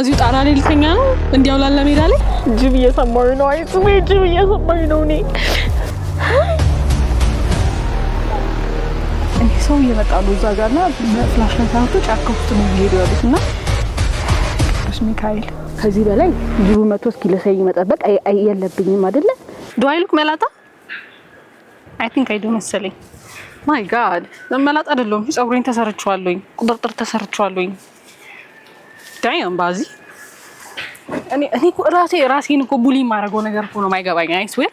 እዚሁ ጣራ ላይ ልተኛ ነው? እንዲያው ላለ ሜዳ ላይ ጅብ እየሰማኝ ነው። አይ ጽሜ ጅብ እየሰማኝ ነው። እኔ እኔ ሰው እየመጣሉ እዛ ጋር ና ፍላሽ ላይታቶ ጫካ ውስጥ ነው እየሄዱ ያሉት እና ቅዱስ ሚካኤል ከዚህ በላይ ጅቡ መቶ እስኪ ለሰይ መጠበቅ የለብኝም አይደለ? ዱዋይልክ መላጣ አይ ቲንክ አይዶ መሰለኝ። ማይ ጋድ መላጣ አይደለሁም። ፀጉሬን ተሰርችዋለኝ፣ ቁጥርጥር ተሰርችዋለኝ። ዳይም ባዚ እኔ እኮ ራሴ ራሴን እኮ ቡሊ የማደርገው ነገር እኮ ነው የማይገባኝ። አይስ ዌል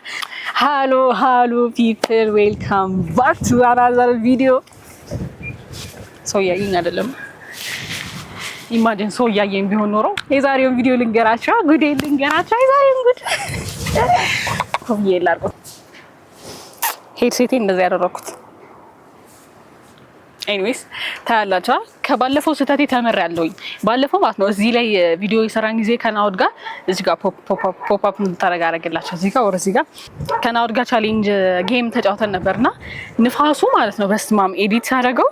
ሃሎ ሃሎ ፒፕል ዌልካም ባክ ቱ አናዘር ቪዲዮ። ሰው እያየኝ አይደለም። ኢማጂን ሰው እያየኝ ቢሆን ኖሮ የዛሬውን ቪዲዮ ልንገራቸው፣ ጉዴ ልንገራቸው። የዛሬውን ጉድ ኮብዬ ላርቆ ሄድሴቴ እንደዚህ ያደረኩት ኤኒዌይስ ታያላችኋል። ከባለፈው ስህተቴ ተምሬያለሁኝ። ባለፈው ማለት ነው እዚህ ላይ ቪዲዮ የሰራን ጊዜ ከናውድ ጋር እዚህ ጋር ፖፕ አፕ እንድታደርግ አደረግላቸው እዚህ ጋር ወር እዚህ ጋር ከናውድ ጋር ቻሌንጅ ጌም ተጫውተን ነበር እና ንፋሱ ማለት ነው በስማም ኤዲት ሳደርገው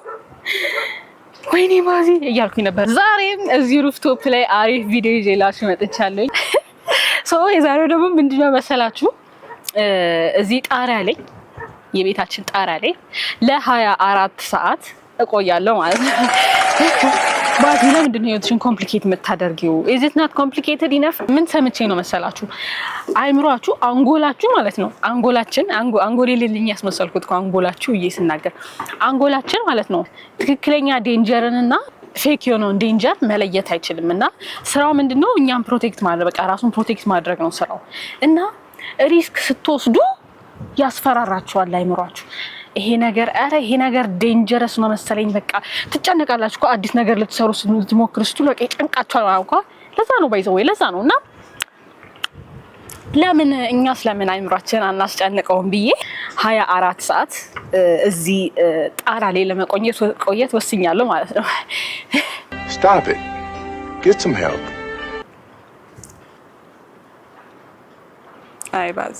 ወይኔ ባዚ እያልኩኝ ነበር። ዛሬም እዚህ ሩፍቶፕ ላይ አሪፍ ቪዲዮ ይዤላችሁ መጥቻለሁኝ። የዛሬው ደግሞ ምንድን መሰላችሁ እዚህ ጣሪያ ላይ የቤታችን ጣሪያ ላይ ለሀያ አራት ሰዓት እቆያለሁ ማለት ነው። ባቲ ለምንድን ህይወትሽን ኮምፕሊኬት የምታደርጊው? ኢዝት ናት ኮምፕሊኬትድ ኢነፍ። ምን ሰምቼ ነው መሰላችሁ? አይምሯችሁ አንጎላችሁ ማለት ነው አንጎላችን አንጎሌ ልልኝ ያስመሰልኩት አንጎላችሁ እዬ ስናገር አንጎላችን ማለት ነው ትክክለኛ ዴንጀርንና ፌክ የሆነውን ዴንጀር መለየት አይችልም። እና ስራው ምንድን ነው? እኛም ፕሮቴክት ማድረግ በቃ ራሱን ፕሮቴክት ማድረግ ነው ስራው። እና ሪስክ ስትወስዱ ያስፈራራችኋል አይምሯችሁ ይሄ ነገር ኧረ ይሄ ነገር ዴንጀረስ ነው መሰለኝ። በቃ ትጨነቃላችሁ እኮ አዲስ ነገር ልትሰሩ ስትሞክሩ ስትሉ በቃ ይጨንቃችኋል። አውቃ ለዛ ነው ባይዘው ወይ ለዛ ነው እና ለምን እኛ ስለምን አይምሯችን አናስጨንቀውም ብዬ ሀያ አራት ሰዓት እዚህ ጣራ ላይ ለመቆየት ቆየት ወስኛለሁ ማለት ነው። አይ ባዚ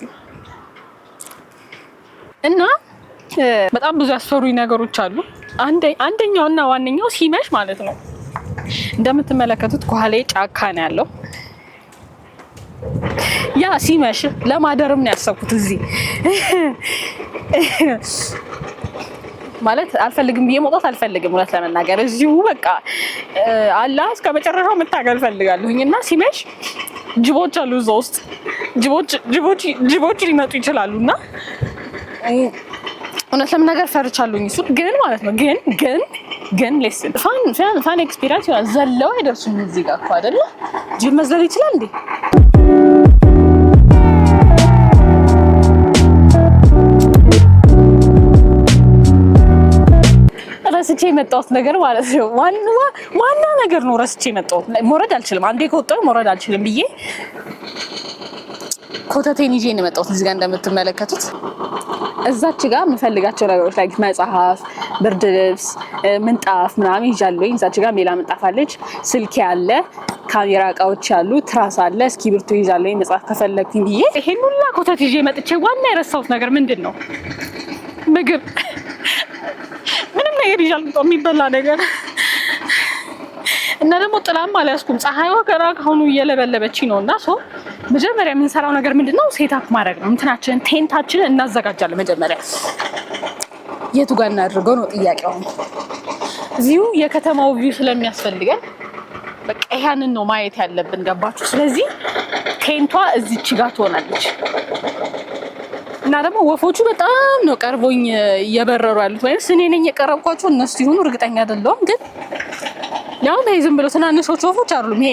እና በጣም ብዙ ያስፈሩኝ ነገሮች አሉ። አንደኛው እና ዋነኛው ሲመሽ ማለት ነው። እንደምትመለከቱት ከኋላ ጫካ ነው ያለው። ያ ሲመሽ ለማደርም ነው ያሰብኩት እዚህ ማለት አልፈልግም ብዬ መውጣት አልፈልግም። እውነት ለመናገር እዚሁ በቃ አላ እስከ መጨረሻው መታገል ፈልጋለሁኝ እና ሲመሽ ጅቦች አሉ እዛ ውስጥ ጅቦች ሊመጡ ይችላሉ እና እውነት ለመናገር ፈርቻለሁኝ። እሱ ግን ማለት ነው ግን ግን ግን ሌስን ፋን ፋን ኤክስፒሪያንስ ይሆናል። ዘለው አይደርሱም እዚህ ጋር እኮ አይደለ ጅብ መዝለል ይችላል እንዴ? ረስቼ የመጣሁት ነገር ማለት ነው ዋና ነገር ነው። ረስቼ የመጣሁት መውረድ አልችልም። አንዴ ከወጣሁ መውረድ አልችልም ብዬ ኮተቴን ይዤ ነው የመጣሁት እዚህ ጋር እንደምትመለከቱት እዛች ጋር የምፈልጋቸው ነገሮች ላይ መጽሐፍ፣ ብርድ ልብስ፣ ምንጣፍ ምናምን ይዣለኝ። እዛች ጋር ሌላ ምንጣፍ አለች፣ ስልክ ያለ፣ ካሜራ እቃዎች ያሉ፣ ትራስ አለ፣ እስክሪብቶ ይዣለኝ መጽሐፍ ከፈለግኩኝ ብዬ። ይሄን ሁላ ኮተት ይዤ መጥቼ ዋና የረሳሁት ነገር ምንድን ነው? ምግብ። ምንም ነገር ይዣለሁ የሚበላ ነገር እና ደግሞ ጥላም አልያዝኩም። ፀሐይዋ ገና ካሁኑ እየለበለበች ነው እና መጀመሪያ የምንሰራው ነገር ምንድን ነው? ሴታፕ ማድረግ ነው። እንትናችንን ቴንታችንን እናዘጋጃለን። መጀመሪያ የቱ ጋር እናደርገው ነው ጥያቄው። እዚሁ የከተማው ቪው ስለሚያስፈልገን በቃ ያንን ነው ማየት ያለብን። ገባችሁ? ስለዚህ ቴንቷ እዚች ጋር ትሆናለች እና ደግሞ ወፎቹ በጣም ነው ቀርቦኝ እየበረሩ ያሉት፣ ወይም እኔ ነኝ የቀረብኳቸው እነሱ ሲሆኑ እርግጠኛ አይደለሁም። ግን ያው ዝም ብለው ትናንሾች ወፎች አሉ ይሄ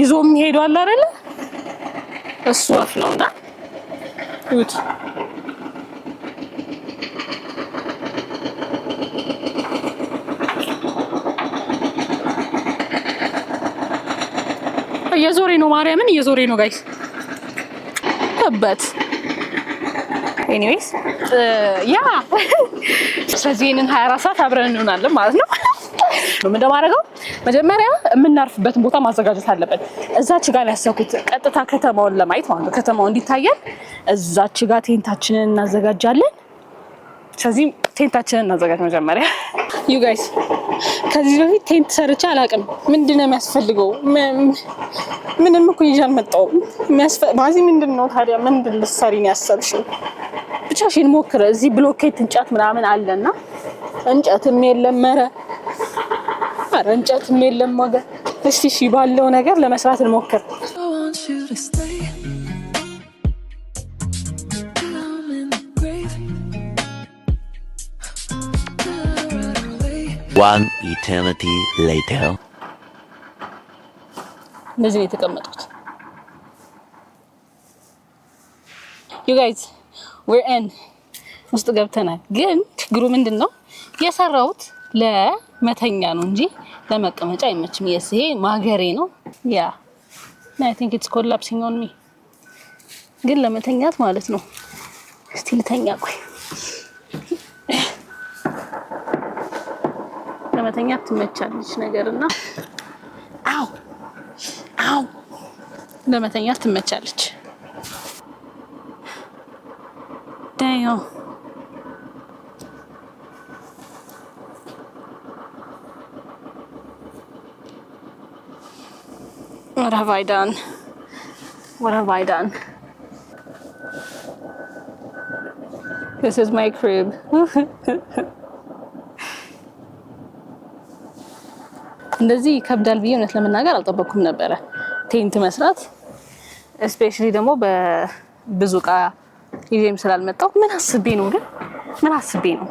ይዞ የሚሄዱ አለ አይደለ እሱ ወፍ ነው እና እዩት። እየዞሬ ነው ማርያምን እየዞሬ ነው ጋይስ በት ኤኒዌይስ ያ ስለዚህ ይህንን 24 ሰዓት አብረን እንሆናለን ማለት ነው። ምንደማደርገው መጀመሪያ የምናርፍበትን ቦታ ማዘጋጀት አለበት። እዛች ጋር ያሰኩት ቀጥታ ከተማውን ለማየት ማለት ነው። ከተማው እንዲታየን እዛች ጋር ቴንታችንን እናዘጋጃለን። ስለዚህ ቴንታችንን እናዘጋጅ መጀመሪያ። ዩ ጋይስ ከዚህ በፊት ቴንት ሰርቼ አላውቅም። ምንድን ነው የሚያስፈልገው? ምንም እኮ ይዤ አልመጣሁም። ባዚ ምንድን ነው ታዲያ? ምንድን ልትሰሪ ነው ያሰብሽው? ብቻሽን ሞክረ። እዚህ ብሎኬት እንጨት ምናምን አለና እንጨትም የለም መረ እንጨትም የለም ወገን እሺ እሺ ባለው ነገር ለመስራት እንሞክር። እንደዚህ ነው የተቀመጡት። ዩ ጋይዝ ዌር ውስጥ ገብተናል። ግን ችግሩ ምንድን ነው የሰራሁት ለ መተኛ ነው እንጂ ለመቀመጫ አይመችም። የስ ይሄ ማገሬ ነው። ያ አይ ቲንክ ኢትስ ኮላፕሲንግ ኦን ሚ ግን ለመተኛት ማለት ነው። እስቲ ልተኛ። ቆይ ለመተኛት ትመቻለች ነገርና አው አው ለመተኛት ትመቻለች ዳዮ What have I done? What have I done? This is my crib. እንደዚህ ይከብዳል ብዬ እውነት ለመናገር አልጠበኩም ነበረ ቴንት መስራት እስፔሻሊ ደግሞ በብዙ እቃ ይዤም ስላልመጣው ምን አስቤ ነው ግን ምን አስቤ ነው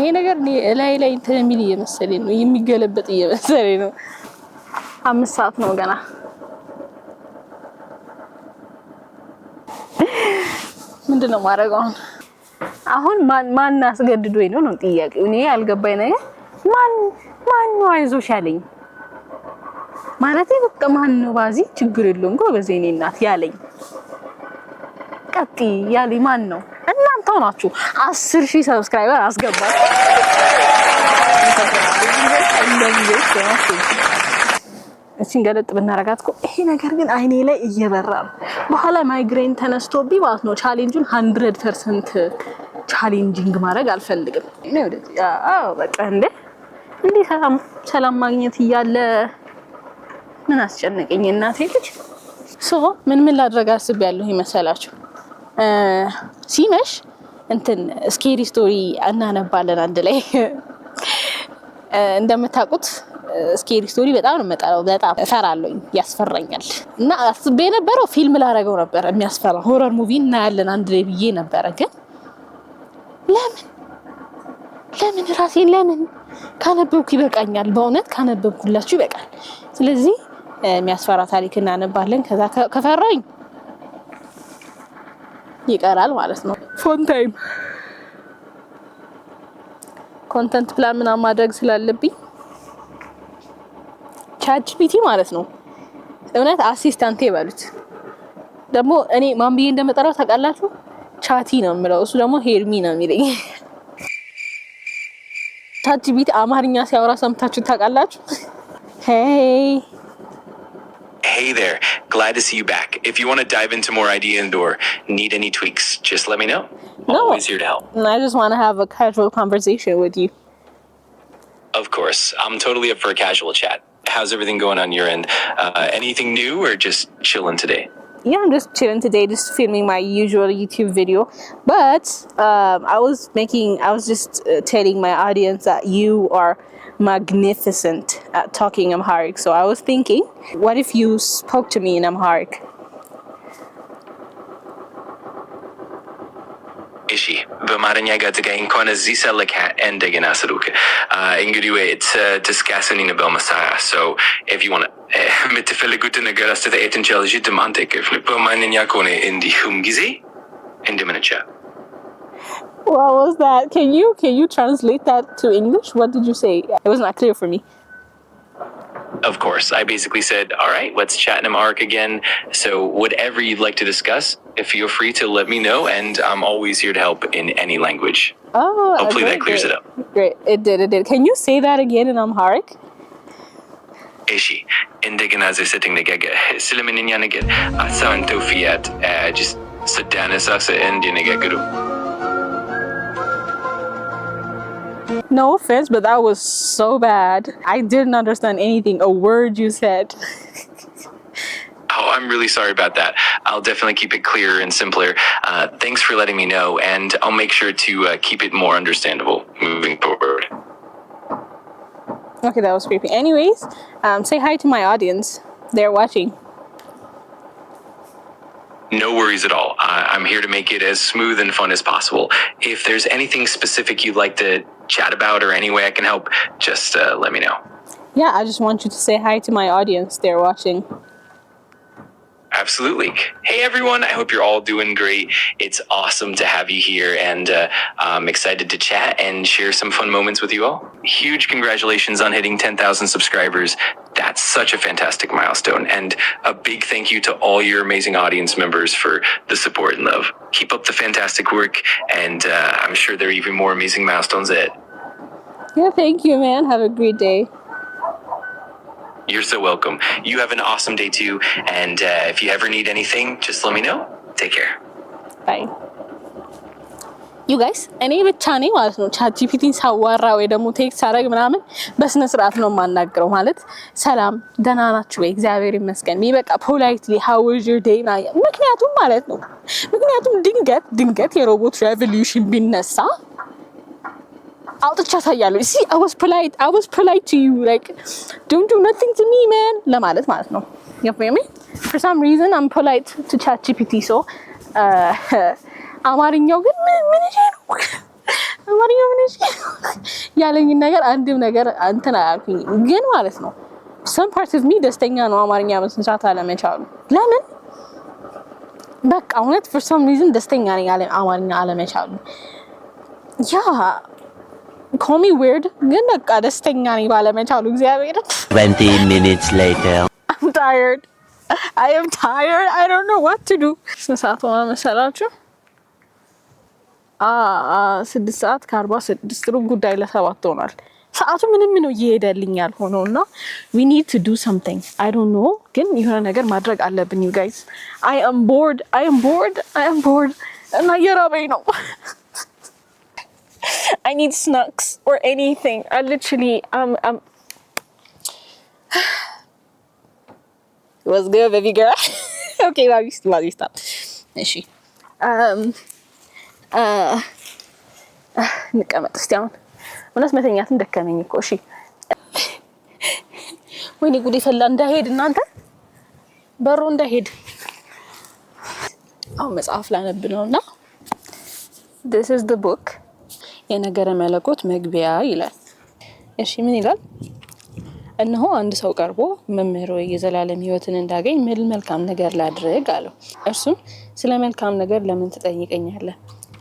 ይሄ ነገር ላይ ላይ እንትን የሚል እየመሰለኝ ነው የሚገለበጥ እየመሰለኝ ነው አምስት ሰዓት ነው ገና። ምንድን ነው የማደርገው አሁን? አሁን ማን አስገድዶ ነው ነው ጥያቄው። እኔ ያልገባኝ ነገር ማን ማን ነው አይዞሽ ያለኝ ማለት በቃ ማን ነው ባዚ ችግር የለውም ጎበዝ፣ እኔ እናት ያለኝ ቀጥ ያለ ማን ነው? እናንተው ናችሁ። አስር ሺህ ሰብስክራይበር አስገባችሁ። እቺን ገለጥ ብናረጋት እኮ ይሄ ነገር ግን አይኔ ላይ እየበራ ነው። በኋላ ማይግሬን ተነስቶብኝ ማለት ነው። ቻሌንጁን ሀንድረድ ፐርሰንት ቻሌንጂንግ ማድረግ አልፈልግም። በቃ እንደ እንዲህ ሰላም ሰላም ማግኘት እያለ ምን አስጨነቀኝ? እናቴ ልጅ ሶ ምን ምን ላድረግ አስቤያለሁ ይመሰላችሁ? ሲመሽ እንትን ስኬሪ ስቶሪ እናነባለን አንድ ላይ እንደምታውቁት ስኬሪ ስቶሪ በጣም ነው መጣለው። በጣም እፈራለኝ፣ ያስፈራኛል። እና አስቤ የነበረው ፊልም ላረገው ነበር የሚያስፈራ ሆረር ሙቪ እናያለን አንድ ላይ ብዬ ነበረ። ግን ለምን ለምን ራሴን ለምን ካነበብኩ ይበቃኛል። በእውነት ካነበብኩላችሁ ይበቃል። ስለዚህ የሚያስፈራ ታሪክ እናነባለን። ከዛ ከፈራኝ ይቀራል ማለት ነው። ፎን ታይም ኮንተንት ፕላን ምናምን ማድረግ ስላለብኝ ቻትጂፒቲ ማለት ነው። እውነት አሲስታንቴ በሉት። ደግሞ እኔ ማን ብዬ እንደምጠራው ታውቃላችሁ? ቻቲ ነው የምለው፣ እሱ ደግሞ ሄርሚ ነው የሚለኝ። ቻትጂፒቲ አማርኛ ሲያወራ ሰምታችሁ ታውቃላችሁ? ሄይ Hey there, glad to see you back. If you want to dive into more idea and or need any tweaks, just let me know. I'm no, always here to help. I just want to have a casual conversation with you. Of course, I'm totally up for a casual chat. how's everything going on your end? Uh, anything new or just chilling today? yeah, I'm just chilling today, just filming my usual YouTube video. But um, I was making, I was just uh, telling my audience that you are magnificent at talking Amharic. So I was thinking, what if you spoke to me in Amharic? እሺ በአማርኛ ጋዜጠኛ እንኳን እዚህ ሰለካ እንደገና ስሩክ እንግዲህ ትስካስን ይነበል መሳያ ሰው ኤቭ ዩ የምትፈልጉትን ነገር አስተያየት እንችላለሽ። ትማንት ቅፍ በማንኛ ከሆነ እንዲሁም ጊዜ እንደምንቻ What was that? Can you can you translate that to English? What did you say? It was not clear for me. of course, I basically said, all right, let's chat in ARC again. So whatever you'd like to discuss, feel free to let me know, and I'm always here to help in any language. Oh, hopefully great, that clears great. it up. Great, it did, it did. Can you say that again in Amharic? Ishi, indigenaze sitting negege, silimin inyanege, asan tofiat, eh, just sit down and sasa indianege guru. No offense, but that was so bad. I didn't understand anything, a word you said. Oh, I'm really sorry about that. I'll definitely keep it clearer and simpler. Uh, thanks for letting me know, and I'll make sure to uh, keep it more understandable moving forward. Okay, that was creepy. Anyways, um, say hi to my audience. They're watching. No worries at all. I'm here to make it as smooth and fun as possible. If there's anything specific you'd like to chat about or any way I can help, just uh, let me know. Yeah, I just want you to say hi to my audience. They're watching. Absolutely. Hey, everyone. I hope you're all doing great. It's awesome to have you here, and uh, I'm excited to chat and share some fun moments with you all. Huge congratulations on hitting 10,000 subscribers that's such a fantastic milestone. And a big thank you to all your amazing audience members for the support and love. Keep up the fantastic work. And uh, I'm sure there are even more amazing milestones ahead. Yeah, thank you, man. Have a great day. You're so welcome. You have an awesome day too. And uh, if you ever need anything, just let me know. Take care. Bye. ዩ ጋይስ እኔ ብቻ ነኝ ማለት ነው። ቻት ጂፒቲን ሳዋራ ወይ ደግሞ ቴክስት ሳረግ ምናምን በስነ ስርዓት ነው የማናግረው። ማለት ሰላም ደህና ናችሁ ወይ? እግዚአብሔር ይመስገን። እኔ በቃ ፖላይትሊ ሃው ኢዝ ዩር ዴይ ምክንያቱም ማለት ነው ምክንያቱም ድንገት ድንገት የሮቦት ሬቮሉሽን ቢነሳ አውጥቻ ታያለሁ። ሲ አይ ዋዝ ፖላይት አይ ዋዝ ፖላይት ቱ ዩ ላይክ ዶንት ዱ ነቲንግ ቱ ሚ ማን ለማለት ማለት ነው። ፎር ሳም ሪዝን አም ፖላይት ቱ ቻት ጂፒቲ ሶ አማርኛው ግን ምን ይሄ ነው አማርኛው ምን ይሄ ያለኝ ነገር አንድም ነገር እንትን አላልኩኝ። ግን ማለት ነው ሰም ፓርት ኦፍ ሚ ደስተኛ ነው አማርኛ መስንሳት አለመቻሉ። ለምን በቃ እውነት ፎር ሰም ሪዝን ደስተኛ ነኝ አለ አማርኛ አለመቻሉ። ያ ኮሚ ዌርድ ግን በቃ ደስተኛ ነኝ ባለመቻሉ እግዚአብሔር 20 minutes later I'm tired I am tired I don't know what to do ስንት ሰዓት ሆነ መሰላችሁ? ስድስት ሰዓት ከአርባ ስድስት ሩብ ጉዳይ ለሰባት ሆኗል። ሰዓቱ ምንም ነው እየሄደልኝ ያልሆነው እና ዊ ኒድ ቱ ዱ ሰምቲንግ አይ ዶንት ኖ ግን የሆነ ነገር ማድረግ አለብን። ዩ ጋይስ አይ አም ቦርድ አይ አም ቦርድ አይ አም ቦርድ እና እየራበኝ ነው። አይ ኒድ ስናክስ ኦር ኤኒቲንግ ልችሊ ወዝገ በቢገራ ኦኬ እሺ እንቀመጥ እስቲ። አሁን እውነት መተኛትን ደከመኝ እኮ። እሺ፣ ወይኔ ጉዴ ፈላ። እንዳሄድ እናንተ በሩ እንዳይሄድ። አሁን መጽሐፍ ላነብ ነው እና this is የነገረ መለኮት መግቢያ ይላል። እሺ ምን ይላል? እነሆ አንድ ሰው ቀርቦ መምህሮ የዘላለም ህይወትን እንዳገኝ ምን መልካም ነገር ላድርግ አለው። እርሱም ስለ መልካም ነገር ለምን ትጠይቀኛለህ?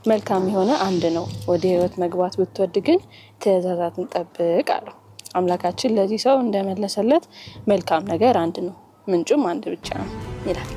መልካም የሆነ አንድ ነው። ወደ ህይወት መግባት ብትወድ ግን ትእዛዛትን ጠብቅ አለው። አምላካችን ለዚህ ሰው እንደመለሰለት መልካም ነገር አንድ ነው፣ ምንጩም አንድ ብቻ ነው ይላል።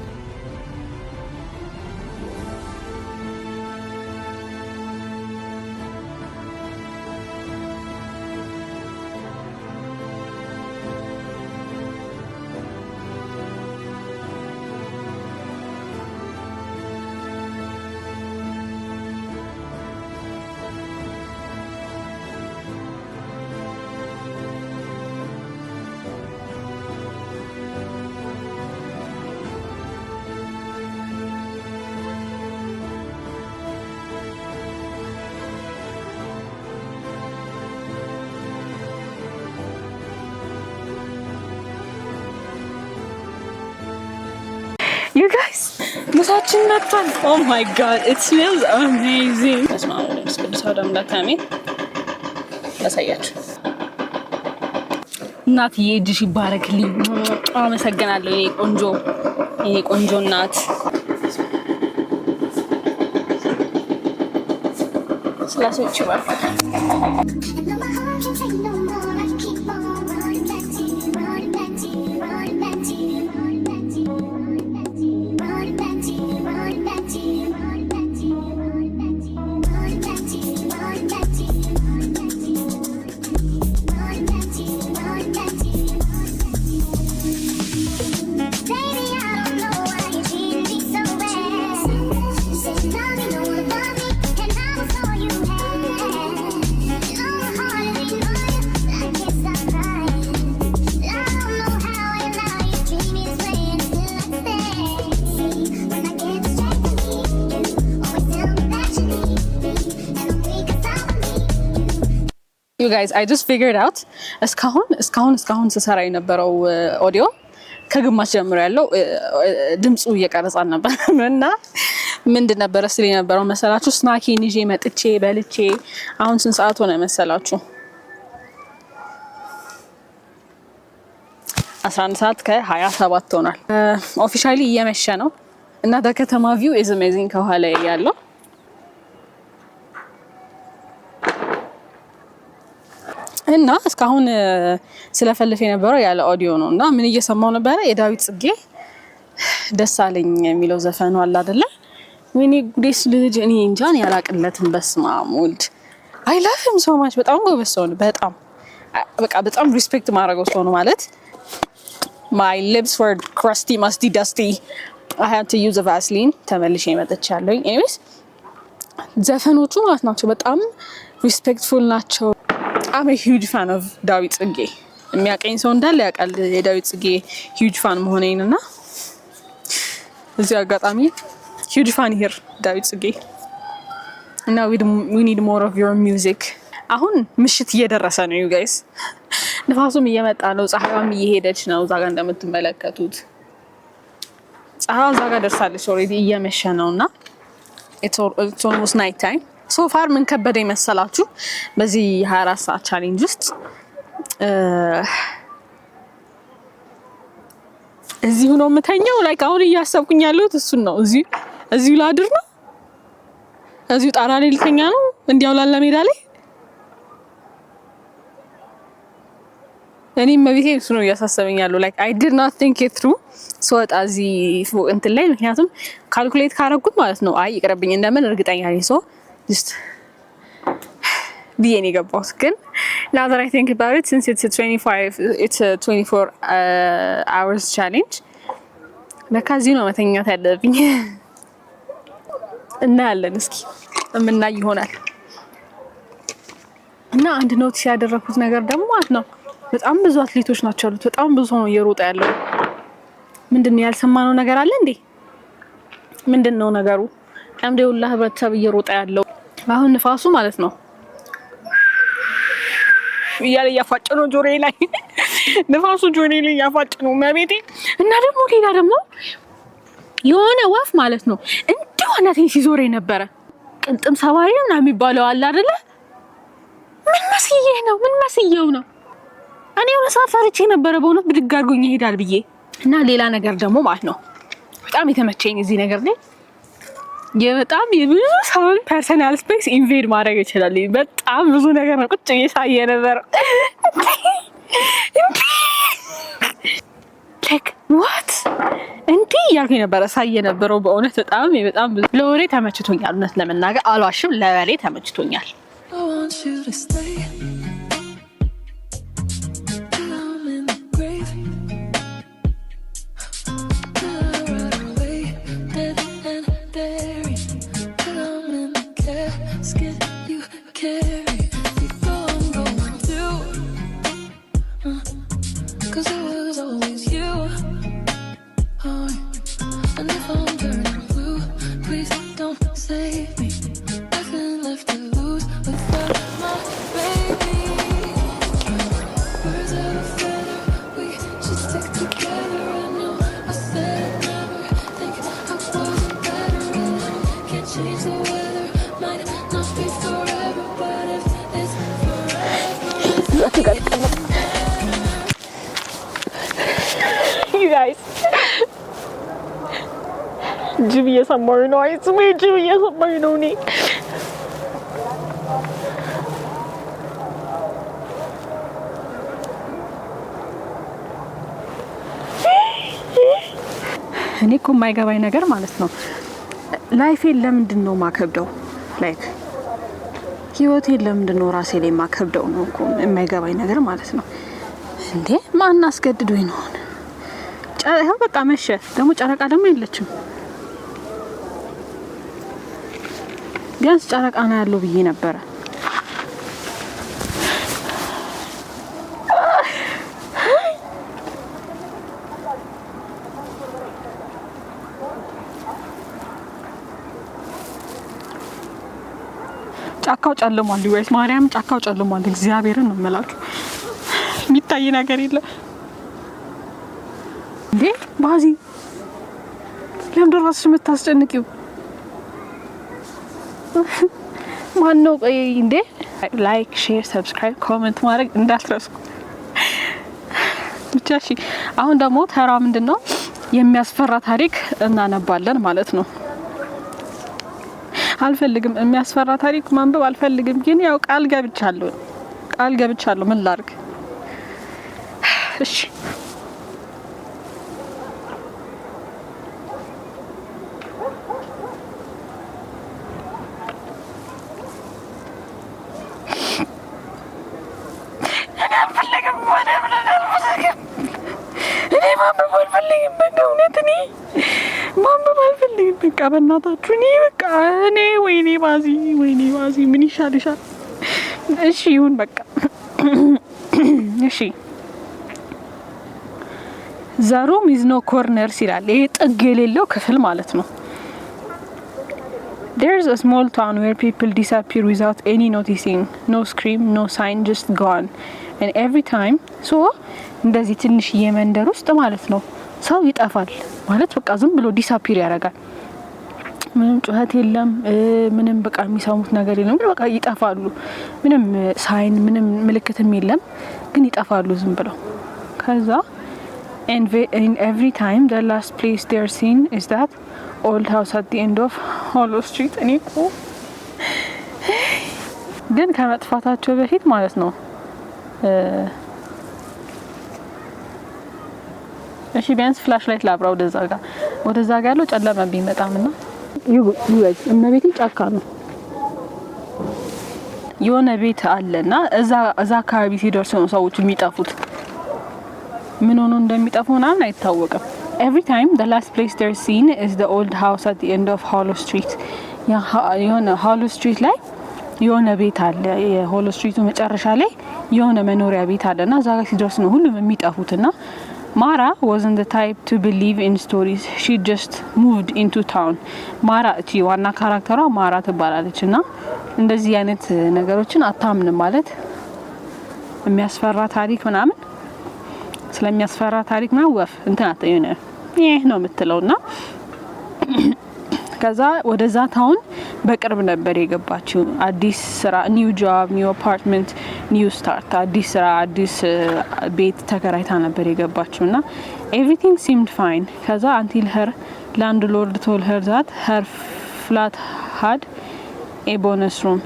ዩ ጋይስ ምሳችን መጥቷል። ኦ ማይ ጋድ ኢት ስሜልስ አሜዚንግ። በስመ አብ ወመንፈስ ቅዱስ አምላክ አሜን። ያሳያችሁ እናትዬ፣ እጅሽ ይባረክልኝ። አመሰግናለሁ የኔ ቆንጆ የኔ ቆንጆ እናት። ስላሴዎች ይባርክ ጋይዝ አይ ጀስት ፊገርድ አውት እስካሁን እስካሁን እስካሁን ስሰራ የነበረው ኦዲዮ uh, ከግማሽ ጀምሮ ያለው uh, uh, ድምፁ እየቀረጻን ነበር እና ምንድን ነበረ ስል የነበረው መሰላችሁ? ስናኪን ይዤ መጥቼ በልቼ አሁን ስንት ሰዓት ሆነ መሰላችሁ? 11 ሰዓት ከ27 ሆኗል። ኦፊሻሊ እየመሸ ነው እና በከተማ ቪው ኢዝ አሜዚንግ ከኋላ ያለው እና እስካሁን ስለፈልፍ የነበረው ያለ ኦዲዮ ነው እና ምን እየሰማው ነበረ? የዳዊት ጽጌ ደስ አለኝ የሚለው ዘፈኑ አለ አደለ? ወይኔ ጉዴስ ልጅ እኔ እንጃን ያላቅለትን በስመ አብ አይ ላፍም ሶ ማች በጣም ጎበዝ ሰው ነው። በጣም በቃ በጣም ሪስፔክት ማድረገው ሰው ነው ማለት ማይ ሊፕስ ወር ክረስቲ ማስቲ ዳስቲ አይ ሃድ ቱ ዩዝ ቫስሊን ተመልሼ መጥቻለሁ። ኤኒዌይስ ዘፈኖቹ ማለት ናቸው በጣም ሪስፔክትፉል ናቸው። በጣም ሂውጅ ፋን ኦፍ ዳዊት ጽጌ የሚያቀኝ ሰው እንዳለ ያውቃል የዳዊት ጽጌ ሂውጅ ፋን መሆኔን እና እዚህ አጋጣሚ ሂውጅ ፋን ሂር ዳዊት ጽጌ እና ዊ ኒድ ሞር ኦፍ ዮር ሚውዚክ። አሁን ምሽት እየደረሰ ነው ዩ ጋይስ፣ ንፋሱም እየመጣ ነው፣ ፀሐይዋም እየሄደች ነው። እዛ ጋ እንደምትመለከቱት ፀሐይዋ እዛ ጋ ደርሳለች። ኦልሬዲ እየመሸ ነው እና ኢትስ ኦልሞስት ናይት ታይም ሶፋር ምን ከበደ መሰላችሁ በዚህ 24 ሰዓት ቻሌንጅ ውስጥ እዚሁ ነው የምተኛው። ላይክ አሁን እያሰብኩኝ ያለሁት እሱን ነው። እዚሁ እዚሁ ላድር ነው፣ እዚሁ ጣራ ላይ ልተኛ ነው፣ እንዲያው ላለ ሜዳ ላይ እኔም መቤቴ እሱ ነው እያሳሰበኝ ያለው። ላይክ አይ ዲድ ናት ቲንክ ኢት ትሩ ስወጣ እዚህ ፎቅ እንትን ላይ ምክንያቱም ካልኩሌት ካረጉት ማለት ነው አይ ይቅረብኝ እንደምን እርግጠኛ ነኝ ሰው ብዬ ነው የገባሁት። ግን ናዘር አይ ቲንክ ባሪት ሲንስ ኢትስ 24 አወርስ ቻሌንጅ ለካ እዚሁ ነው መተኛት ያለብኝ። እናያለን እስኪ የምናይ ይሆናል። እና አንድ ኖቲስ ያደረኩት ነገር ደግሞ ማለት ነው በጣም ብዙ አትሌቶች ናቸው ያሉት። በጣም ብዙ ነው እየሮጠ ያለው። ምንድን ነው ያልሰማነው ነገር አለ እንዴ? ምንድን ነው ነገሩ? ለምደ ሁላ ህብረተሰብ እየሮጠ ያለው አሁን ንፋሱ ማለት ነው እያለ እያፋጭ ነው ጆሬ ላይ ንፋሱ ጆሬ ላይ እያፋጭ ነው መቤቴ። እና ደግሞ ሌላ ደግሞ የሆነ ወፍ ማለት ነው እንዲሁ አናቴን ሲዞር የነበረ ቅንጥም ሰባሪ ነው የሚባለው አለ አይደለ? ምን መስዬ ነው ምን መስዬው ነው? እኔ የሆነ ሰዓት ፈርቼ ነበረ በእውነት ብድግ አድርጎኝ ይሄዳል ብዬ እና ሌላ ነገር ደግሞ ማለት ነው በጣም የተመቸኝ እዚህ ነገር ላይ የበጣም የብዙ ሰውን ፐርሰናል ስፔስ ኢንቬድ ማድረግ ይችላል። በጣም ብዙ ነገር ነው ቁጭ እየሳየ ነበር ዋት እንዲህ እያልኩ ነበረ ሳይ የነበረው በእውነት በጣም በጣም ለወሬ ተመችቶኛል። እውነት ለመናገር አልዋሽም፣ ለወሬ ተመችቶኛል። don't save me. ጅብ እየሰማኝ ነው። አይስሜ ጅብ እየሰማኝ ነው። እኔ እኔ እኮ የማይገባኝ ነገር ማለት ነው ላይፌን ለምንድን ነው ማከብደው? ላይክ ህይወቴን ለምንድን ነው ራሴ ላይ ማከብደው ነው እኮ የማይገባኝ ነገር ማለት ነው። እንዴ ማን አስገድዶኝ ነው? ይኸው በቃ መሸ። ደግሞ ጨረቃ ደግሞ የለችም። ቢያንስ ጨረቃ ነው ያለው ብዬ ነበረ። ጫካው ጨልሟል። ወይስ ማርያም ጫካው ጨልሟል። እግዚአብሔርን ነው የምላችሁ፣ የሚታይ ነገር የለም እንዴ። ባዚ ለምንድን ራስሽ የምታስጨንቂው? ማን ነው? ቆይ እንዴ! ላይክ፣ ሼር፣ ሰብስክራይብ፣ ኮመንት ማድረግ እንዳትረሱ ብቻ። እሺ፣ አሁን ደግሞ ተራ ምንድን ነው የሚያስፈራ ታሪክ እናነባለን ማለት ነው። አልፈልግም፣ የሚያስፈራ ታሪክ ማንበብ አልፈልግም። ግን ያው ቃል ገብቻለሁ፣ ቃል ገብቻለሁ። ምን ላርግ? እሺ ማለት እኔ ማንበብ አልፈልግም። በቃ በእናታችሁ እኔ በቃ እኔ ወይኔ ባዚ ወይኔ ባዚ ምን ይሻልሻል? እሺ ይሁን በቃ እሺ። ዘሩም ኢዝ ኖ ኮርነርስ ይላል። ይሄ ጥግ የሌለው ክፍል ማለት ነው። ዴርስ አ ስሞል ታውን ዌር ፒፕል ዲስአፒር ዊዛውት ኤኒ ኖቲሲንግ ኖ ስክሪም ኖ ሳይን ጀስት ጋን ኤቭሪ ታይም ሶ እንደዚህ ትንሽዬ መንደር ውስጥ ማለት ነው ሰው ይጠፋል ማለት በቃ ዝም ብሎ ዲሳፒር ያደርጋል። ምንም ጩኸት የለም፣ ምንም በቃ የሚሰሙት ነገር የለም። ግን በቃ ይጠፋሉ። ምንም ሳይን ምንም ምልክትም የለም፣ ግን ይጠፋሉ ዝም ብለው። ከዛ ኤቭሪ ታይም ዘ ላስት ፕሌስ ዴር ሲን ኢዝ ዳት ኦልድ ሀውስ አት ዲ ኤንድ ኦፍ ሆሎ ስትሪት። እኔ እኮ ግን ከመጥፋታቸው በፊት ማለት ነው እሺ ቢያንስ ፍላሽ ላይት ላብራ። ወደዛ ጋ ወደዛ ጋ ያለው ጨለመብኝ በጣም እና ይወዝ እመቤቴ ጫካ ነው የሆነ ቤት አለና እዛ እዛ አካባቢ ሲደርስ ነው ሰዎች የሚጠፉት። ምን ሆኖ እንደሚጠፉ ምናምን አይታወቅም። ኤቭሪ ታይም ዘ ላስት ፕሌስ ዴር ሲን ኢዝ ዘ ኦልድ ሃውስ አት ዘ ኤንድ ኦፍ ሆሎ ስትሪት። የሆነ ሆሎ ስትሪት ላይ የሆነ ቤት አለ። የሆሎ ስትሪቱ መጨረሻ ላይ የሆነ መኖሪያ ቤት አለና እዛ ጋር ሲደርስ ነው ሁሉም የሚጠፉትና ማራ ወዝን ዘ ታይፕ ቱ ቢሊቭ ኢን ስቶሪስ ሺ ጀስት ሙቭድ ኢንቱ ታውን። ማራ እቺ ዋና ካራክተሯ ማራ ትባላለች እና እንደዚህ አይነት ነገሮችን አታምንም ማለት የሚያስፈራ ታሪክ ምናምን ስለሚያስፈራ ታሪክ ምናምን ወፍ እንትን አጠየነ ይህ ነው የምትለው እና ከዛ ወደዛ ታውን በቅርብ ነበር የገባችው። አዲስ ስራ፣ ኒው ጆብ፣ ኒው አፓርትመንት፣ ኒው ስታርት፣ አዲስ ስራ፣ አዲስ ቤት ተከራይታ ነበር የገባችው እና ኤቭሪቲንግ ሲምድ ፋይን። ከዛ አንቲል ሄር ላንድ ሎርድ ቶል ሄር ዛት ሀር ፍላት ሀድ ኤ ቦነስ ሩም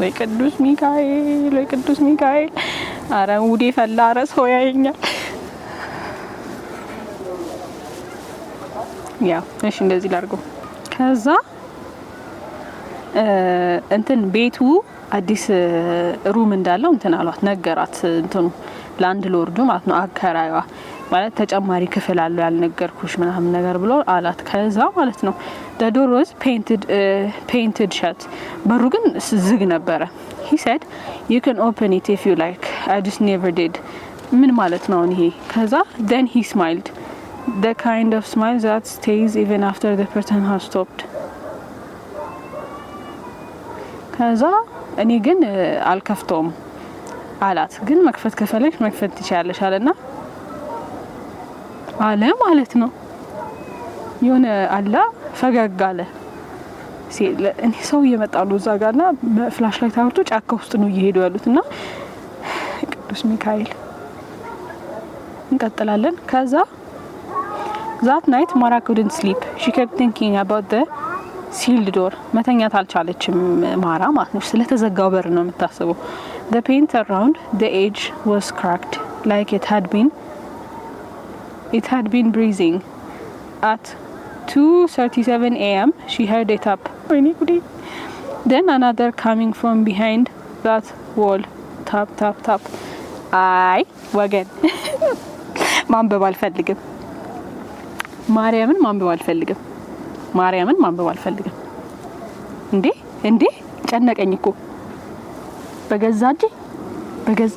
ወይ ቅዱስ ሚካኤል ወይ ቅዱስ ሚካኤል፣ አረ ውዴ ፈላ፣ አረ ሰው ያየኛል። ያ እሺ፣ እንደዚህ ላድርገው። ከዛ እንትን ቤቱ አዲስ ሩም እንዳለው እንትን አሏት ነገራት። እንትኑ ላንድ ሎርዱ ማለት ነው አከራይዋ ማለት ተጨማሪ ክፍል አለው ያልነገርኩሽ ምናምን ነገር ብሎ አላት። ከዛ ማለት ነው ዶር ወዝ ፔንትድ ሸት፣ በሩ ግን ዝግ ነበረ። ሂ ሰድ ዩ ከን ኦፕን ኢት ኢፍ ዩ ላይክ አይ ጀስት ኔቨር ዲድ። ምን ማለት ነው ይሄ? ከዛ ዘን ሂ ስማይልድ the kind of smile that stays even after the person has stopped ከዛ እኔ ግን አልከፍተውም አላት። ግን መክፈት ከፈለች መክፈት ትችላለሽ አለና አለ ማለት ነው። የሆነ አላ ፈገግ አለ። እኔ ሰው እየመጣ ነው እዛ ጋር ና ፍላሽ ላይ ታብርቶ ጫካ ውስጥ ነው እየሄዱ ያሉት እና ቅዱስ ሚካኤል እንቀጥላለን ከዛ ዛት ናይት ማራ ኩድንት ስሊፕ ሺ ኬፕ ቲንኪንግ አባውት ዘ ሲልድ ዶር መተኛት አልቻለችም ማራ ማለት ነው። ስለተዘጋው በር ነው የምታስበው። ዘ ፔንት አራውንድ ዘ ኤጅ ዋዝ ክራክድ ላይክ ኢት ሃድ ቢን ኢት ሃድ ቢን ብሪዚንግ አት 2:37 ኤኤም ሺ ሄርድ ኢት አፕ ወይኔ ጉዴ ደን አናዘር ካሚንግ ፍሮም ቢሃይንድ ዛት ማንበብ ማርያምን ማንበብ አልፈልግም። ማርያምን ማንበብ አልፈልግም። እንዴ እንዴ ጨነቀኝ እኮ በገዛ እጄ በገዛ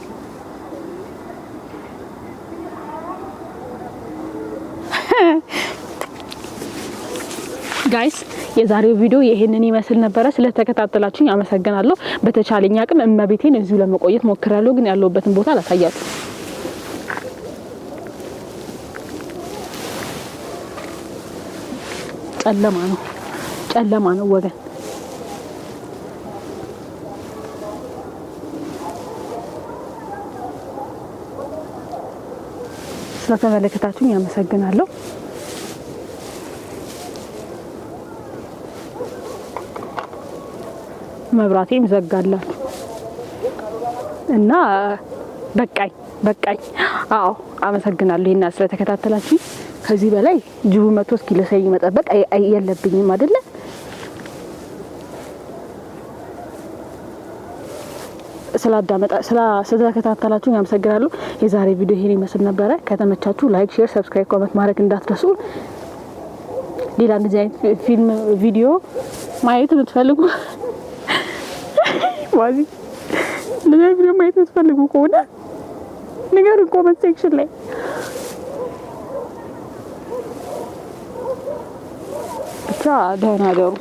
ጋይስ የዛሬው ቪዲዮ ይህንን ይመስል ነበረ። ስለተከታተላችሁኝ አመሰግናለሁ። በተቻለኝ አቅም እመቤቴን እዚሁ ለመቆየት ሞክራለሁ፣ ግን ያለሁበትን ቦታ አላሳያችሁ ጨለማ ነው፣ ጨለማ ነው ወገን። ስለተመለከታችሁኝ ያመሰግናለሁ። መብራቴም ዘጋላችሁ እና በቃኝ በቃኝ። አዎ አመሰግናለሁ ይህና ስለተከታተላችሁ። ከዚህ በላይ ጅቡ መቶ እስኪ ለሰይ መጠበቅ የለብኝም አይደለ? ስላዳመጣ ስለተከታተላችሁኝ አመሰግናለሁ። የዛሬ ቪዲዮ ይሄን ይመስል ነበረ። ከተመቻችሁ ላይክ፣ ሼር፣ ሰብስክራይብ፣ ኮመንት ማድረግ እንዳትረሱ። ሌላ እንደዚህ አይነት ፊልም ቪዲዮ ማየት የምትፈልጉ ዋዚ እንደዚህ ቪዲዮ ማየት የምትፈልጉ ከሆነ ንገሩን ኮመንት ሴክሽን ላይ tra dona